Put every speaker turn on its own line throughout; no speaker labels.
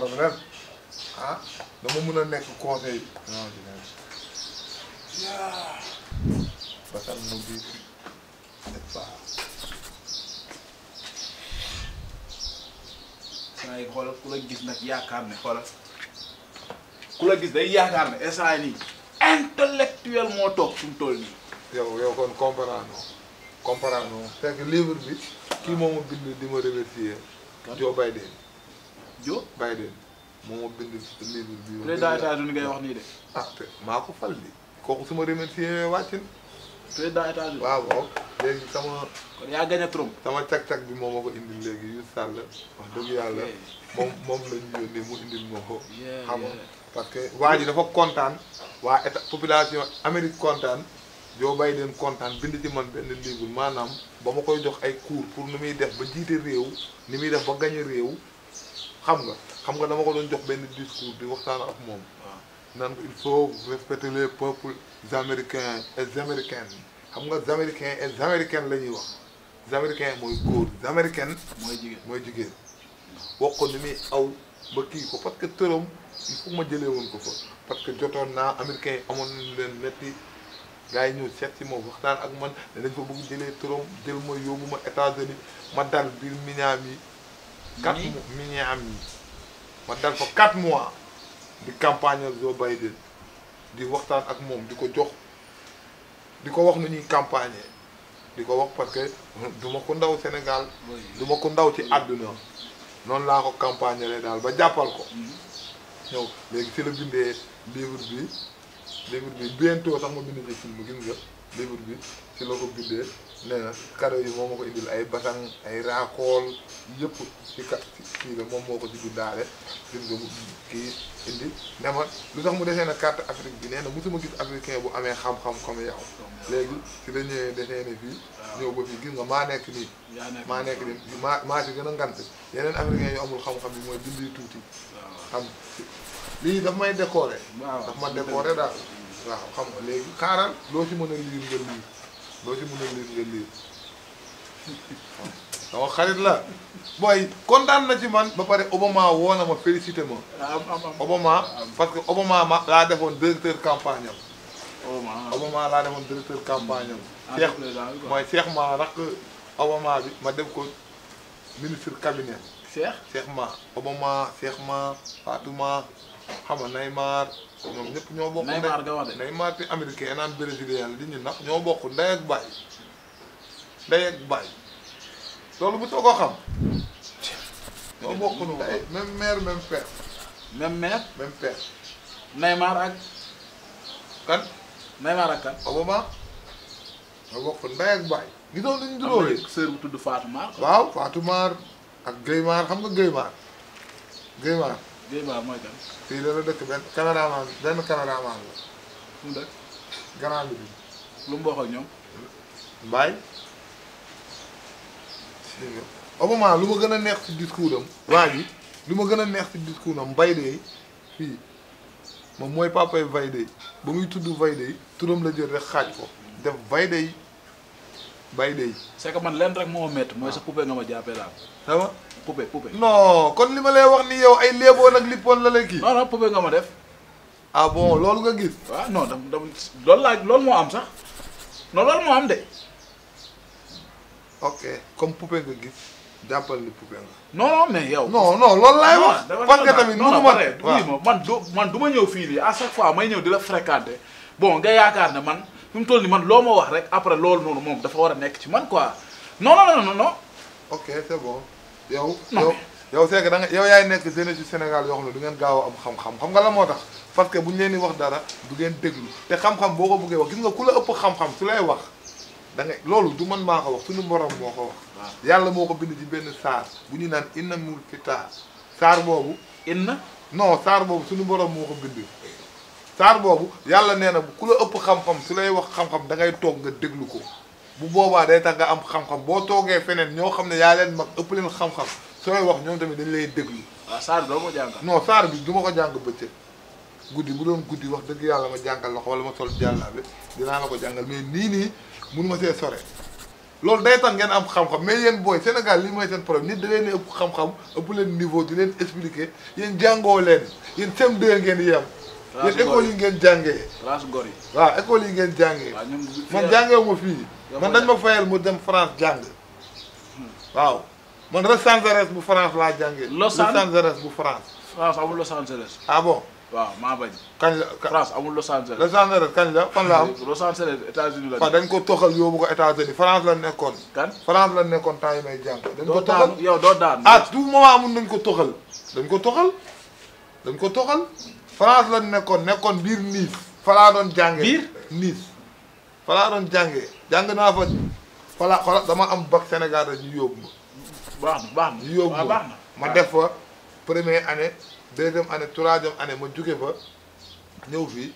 problème ah dama mun a nekk conseil non dina ba sax mu di n'est pas. saa yi xoolal ku la gis nag yaakaar ne xoolal ku la gis day yaakaar ne instant nii intellectuel moo toog suñu tool nii. yow yow kon comprendre comprendre fekk livre bi kii moomu bind di ma remercier Diop Baye Dène Diop Biden moo bind livre bi. président États-Unis ngay wax nii de. ah ko fal di kooku suma remercié wàcc na. président États-Unis waaw waaw sama. kon yaa gagné Trump. sama cag bi moom moo ko indi léegi yu sàll wax dëgg yàlla moom moom la yónnee mu indil moo ko. xam nga parce que waa ji dafa kontaan waa état population Amérique kontaan. Joe Biden kontaan bind ci man benn livre maanaam ba ma koy jox ay cours pour ni muy def ba jiite réew ni muy def ba gañe réew. xam nga xam nga dama ko doon jox benn discours di waxtaan ak moom naan ko il faut respecter les peuples américains et américaines xam nga américains et américaines la ñuy wax américain mooy góor américaine mooy jigéen mooy jigéen wax ko ni muy aw ba kii ko parce que tëram il faut ma jëlee woon ko fa parce que jotoon naa américain yi amoon nañu leen metti gars yi ñëw seet si ma waxtaan ak man danañ fa bëgg jëlee tëram jël ma yóbbu ma États-Unis ma dal biir Miami 4 mini ami ma dal fa 4 mois di campagne do Joe Biden di waxtan ak mom diko jox diko wax nu ñuy campagne diko wax parce que duma ko ndaw Sénégal duma ko ndaw ci aduna non la ko campagne lay dal ba jappal ko ñëw léegi si la bindee livre bi livre bi bientôt sax mo bind ci film gis nga livre bi si la ko bindee nee na kado yi moo ma ko indil ay batang ay raakool yépp ci ka kii la moom moo ko ci bindaale bind kii indi ne ma lu tax mu defee na carte Afrique bi nee na mosuma gis africain bu amee xam-xam comme yow léegi si la ñëwee desee ne fii ñëw ba gis nga maa nekk nii maa nekk nii maa maa si gën a ngant yeneen africain yu amul xam-xam yi mooy bind tuuti xam lii daf may décorer daf ma décorer daal waaw xam nga léegi xaaral loo ci mën a liir nga liir loo ci mën a liir nga liir sama xarit la booy kontaan na ci man ba pare Obama woo ma félicité ma. Ah, Obama parce que Obama laa defoon directeur campagne am. Obama laa defoon directeur campagne am. Cheikh ma rakk Obama bi ma def ko ministre cabinet. Cheikh Cheikh ma Obama Cheikh ma Fatouma xam nga Neymar. ñoom ñëpp ñoo bokk Neymar nga te américain naan brésilien di ñu nax ñoo bokk ndey ak baay ndey ak baay loolu bu soo ko xam ñoo bokk nu même mère même père même mère même père Neymar ak ak kan Obama ñoo bokk ndey ak baay gisoo nañu duróole sœur bu tudd Fatou waaw Fatou ak Gueye xam nga Gueye Mar Déba mooy kan. fii la la dëkk benn caméraman benn la. mu dëkk. grand bi. lu mu waxoon ñoom. Mbaye. au lu ma gën a neex ci discours am. waa ji lu ma gën a neex ci discours am Mbaye de fii mooy papay Vaydey ba muy tudd Vaydey turam la jël rek xaaj ko def Vaydey Baydey. c'est que man lenn rek moo ma métti mooy sa poupée nga ma jàppee daal. poupée poupée. non kon li ma lay wax ni yow ay léeboon ak lippoon la lay kii. non non poupée nga ma def. ah bon loolu nga gis. waaw ah, non dam dam loolu laa loolu moo am sax non loolu am de. ok comme poupée nga gis jàppal ni poupée nga. non non mais yow. non non loolu wax. parce que tamit mënu ma waaw man du man du ma ñëw fii lii à chaque fois may ñëw di la fréquenter bon nga yaakaar ne man fi mu toll nii man loo ma wax rek après loolu noonu moom dafa war a nekk ci man quoi non non non non. ok c'est bon. yow yow yow c'est que da yow yaay nekk jeunesse yu Sénégal yoo xam ne du ngeen gaaw am xam-xam xam nga la moo tax parce que bu ñu leen di wax dara du ngeen déglu te xam-xam boo ko bëggee wax gis nga ku la ëpp xam-xam su lay wax da nga loolu du man maa suñu borom moo ko ah. yàlla moo ko bind ci benn saar bu ñu naan inna mul fita saar boobu inna non saar boobu suñu borom moo bind saar boobu yàlla nee na ku ëpp xam-xam su lay wax xam da ngay toog nga déglu ko bu boobaa day tax nga am xam-xam boo toogee feneen ñoo xam ne yaa leen mag ëpp leen xam-xam sooy wax ñoom tamit dañ lay déglu. waaw ah, saar doo ko saar bi du ma ko jàng bëccëg guddi bu doon guddi wax dëgg yàlla ma jàngal la ko wala ma sol jàllale dinaa la ko jàngal mais nii nii mënu ma see sore loolu day tax ngeen am xam mais yéen booy Sénégal li mooy seen problème nit da leen ëpp xam-xam ëpp leen niveau di leen expliquer yéen jàngoo leen yéen sem deux ngeen yem yéen école yi ngeen jàngee. race gor yi. waaw école yi ngeen jàngee. man jàngee ma fii. man dañ ma fayal mu dem France jàng. waaw man Los Angeles bu France laa jàngee. Los Angeles bu France. France amul Los Angeles. ah bon. waaw maa bañ. kañ la France amul Los Angeles. Los la am. Los Angeles États-Unis la. waaw dañ ko toxal yóbbu ko France la nekkoon. kan France la nekkoon temps yi may jàng. dañ ko toxal yow doo daan. ah tout nañ ko toxal. dañ ko toxal dañ ko toxal. France la nekkoon nekkoon biir Nice falaa doon jàngee biir Nice falaa doon jàngee jàng naa fa falaa dama am bac Sénégal rek ñu yóbbu ma baax na baax na ñu yóbbu ma ma def fa première année deuxième année troisième année ma jóge fa ñëw fii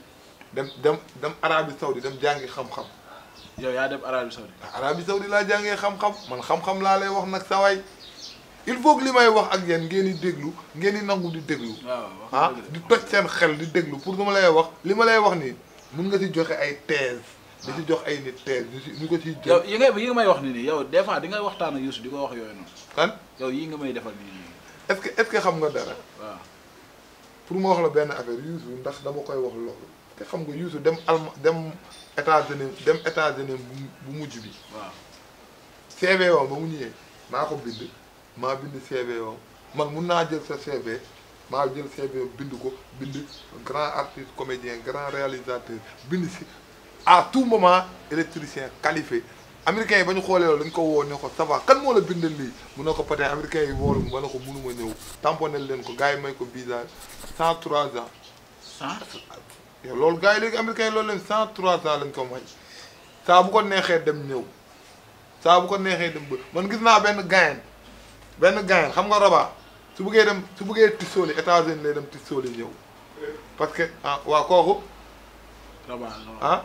dem dem dem Arabie Saoudi dem jàngi xam-xam yow yaa dem Arabie Saoudi Arabie Saoudi laa jàngee xam-xam man xam-xam laa lay wax nag saway il faut que li may wax ak yéen ngeen di déglu ngeen di nangu di déglu. ah, ah di toj seen xel di déglu pour nu ma lay wax li ma lay wax nii mun nga ci joxe ay thèse. di ci jox ay nit thèse ñu ko ciy. yow yi nga yi nga may wax nii yow des fois di nga waxtaan ak Youssou di ko wax yooyu noonu. kan yow yi nga may defal nii. est-ce que est-ce que xam nga dara. waaw pour ma wax la benn affaire Youssou ndax dama koy wax loolu. te xam nga Youssou dem alma dem États-Unis dem États-Unis bu mujj bi. waaw CV ba mu ñëwee maa ko bind. ma bindi CV yow man mun naa jël sa CV maa jël CV bind ko bind grand artiste comédien grand réalisateur bind si à tout moment électricien qualifié américain yi ba ñu xoolee loolu dañ ko woo ne ko ça va kan moo la bindal lii mun na ko peut être américain yi woolu ma ne ko munuma ñëw tamponné leen ko gars yi may ko visa cent trois ans. cent yow loolu gars yi léegi américain yi loolu leen cent ans lañ ko may saa bu ko neexee dem ñëw saa bu ko neexee dem ba man gis naa benn gain. benn gaayen xam nga robaa su buggee dem su buggee tissooli États-Unis lay dem tissooli yow parce que ah waa kooku. robaa ah.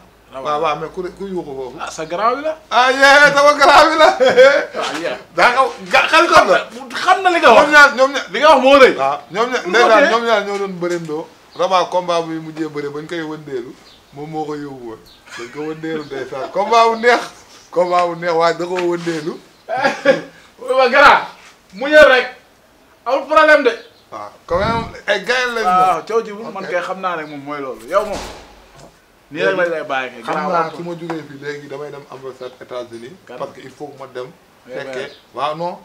waaw waaw mais ku ku yuuxu foofu. ah sa garaaw la. ah yee sama garaaw bi la. waaw ah, yéen daa xel kon la. xam na li nga wax ñoom ñaar ñoom ñaar li nga wax moo rëy. waaw ah, ñoom ñaar ndeysaan ñoom ñaar ñoo doon bërindoo. rabaa combat bi mujjee bëri bañ koy wëndeelu moom moo ko yóbbu woon bañ ko wëndeelu ndeysaan combat bu neex. combat bu neex waaye da koo wëndeelu. waa eh, garaaw. muñal rek amul problème de. waaw ah, quand ay eh, gars lañ. waaw ah, coow ji man kay xam naa rek moom mooy loolu yow moom.
nii rek lañ lay bàyyi kay. xam naa su
ma jógee fii léegi damay dem ambassade États-Unis parce que il faut ma dem. Eh fekkee waaw non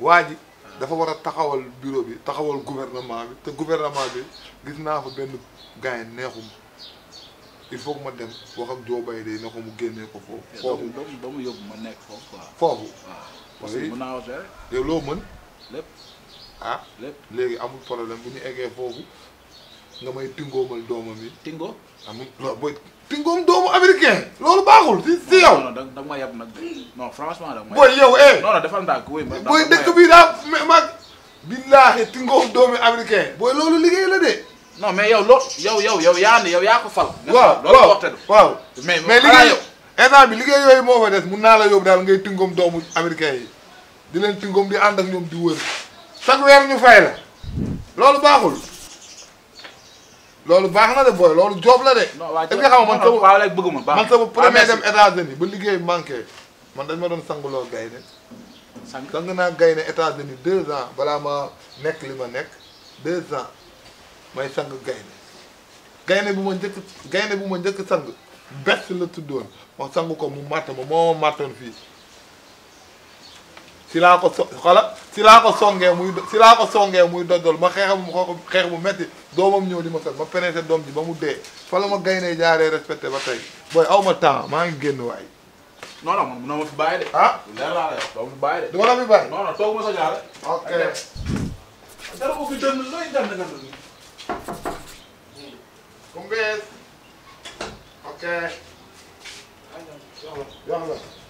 waa ji. dafa war a taxawal bureau bi taxawal gouvernement bi te gouvernement bi gis naa fa benn gars yi neexum il faut que ma dem wax ak Joe Biden ne ko mu génnee ko foofu. Eh, foofu doomu doomu yóbbu ma nekk foofu foofu. Ah. parce que mën naa wax rek. yow loo mën. Ah. léegi amul la bu ñu eggee boobu nga may tingoomal doomam yi. tingo amul loo tingoom doomu américain. loolu baaxul si si yow. non da ma yab nag non franchement da ma. booy yow eh. booy ma. booy dëkk bi daa mag. billaahi tingoom doomu américain. booy loolu liggéey la de. non mais yow loo yow yow yow yaa ni yow yaa ko fal. waaw waaw loolu porté mais mais liggéey état bi liggéey yooyu moo fa des mun naa la yóbbu daal ngay tingoom doomu américain yi di leen tingoom di ànd ak ñoom di wër chaque weer ñu fay la loolu baaxul loolu baax na de booy loolu joob la de. non nga xam man sama waaw léegi bëgguma baax man dem États-Unis ba liggéey manqué man dañ ma doon sangloo gaynde sang sang naa gaynde États-Unis deux ans balaa ma nekk li ma nekk deux ans may sang gaynde gaynde bu ma njëkk gaynde bu ma njëkk sang. bés la tuddoon ma sangu ko mu màtt ma moo ma màttoon fii si laa ko so xala si laa ko songee muy si laa ko songee muy doddol ma xeex mu xoo xeex bu metti doomam ñëw di ma sot ma pénétré doom ji ba mu dee fa la ma gaynde jaaree respecté ba tey booy aw ma temps maa ngi génn waay. non non man munoo ma ah leer la fi bàyyi حتى يهلك